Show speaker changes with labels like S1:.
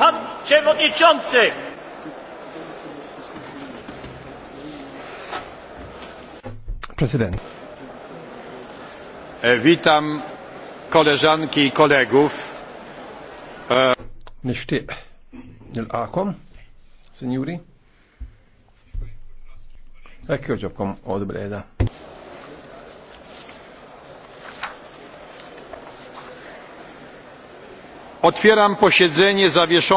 S1: Pan Przewodniczący!
S2: Prezydent.
S3: E, witam
S4: koleżanki i kolegów. E,
S5: Nishtiq nil-għakom, signori. Ekkio ġobkom għod bil-eda.
S6: Otwieram posiedzenie zawieszone.